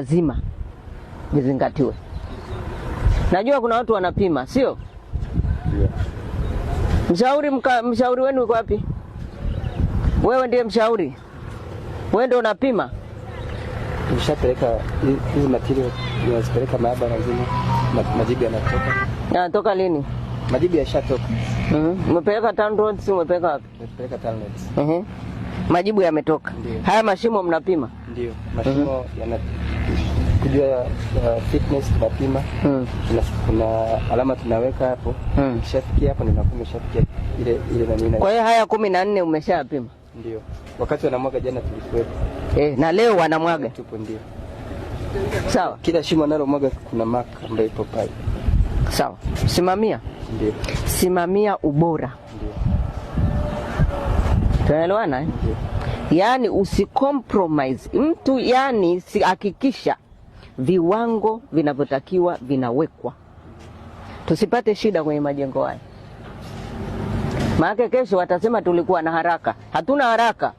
lazima vizingatiwe. Najua kuna watu wanapima, sio? Mshauri mka, mshauri wenu uko wapi? Wewe ndiye mshauri, wewe ndio unapima. Ushapeleka hizi material, unazipeleka maabara nzima, majibu yanatoka. Yanatoka lini? Majibu yashatoka. Mm-hmm. Umepeleka TANROADS, umepeleka wapi? Umepeleka TANROADS. Mhm majibu yametoka. Haya mashimo mnapima? Ndio, mashimo mm -hmm. yana kujua uh, fitness tunapima mm. kuna alama tunaweka hapo mm. kishafikia hapo ni makumi, umeshafikia ile ile na nini. Kwa hiyo haya kumi na nne umeshapima? Ndio, wakati wanamwaga jana tulikuwepo. Eh, na leo wanamwaga tupo. Ndio, sawa. Kila shimo analomwaga kuna maka ambayo ipo pale. Sawa, simamia. Ndio, simamia ubora. Ndio tunaelewana eh? Yaani usicompromise mtu, yani hakikisha viwango vinavyotakiwa vinawekwa, tusipate shida kwenye majengo haya, maana kesho watasema tulikuwa na haraka. Hatuna haraka.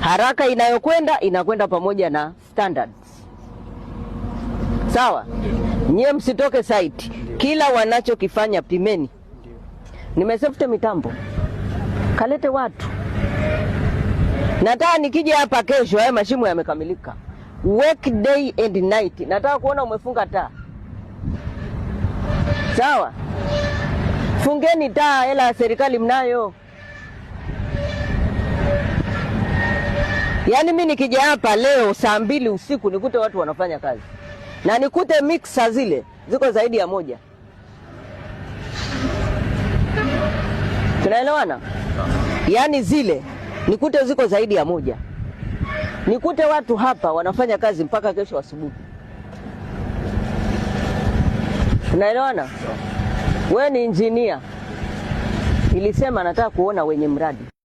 Haraka inayokwenda inakwenda pamoja na standards, sawa? Nyie msitoke site, kila wanachokifanya pimeni. Nimesafute mitambo kalete watu. Nataka nikija hapa kesho, haya eh, mashimo yamekamilika. Work day and night, nataka kuona umefunga taa. Sawa, fungeni taa, hela ya serikali mnayo. Yaani mi nikija hapa leo saa mbili usiku nikute watu wanafanya kazi na nikute mixer zile ziko zaidi ya moja. Tunaelewana? yaani zile nikute ziko zaidi ya moja, nikute watu hapa wanafanya kazi mpaka kesho asubuhi. Unaelewana? We ni injinia, ilisema nataka kuona wenye mradi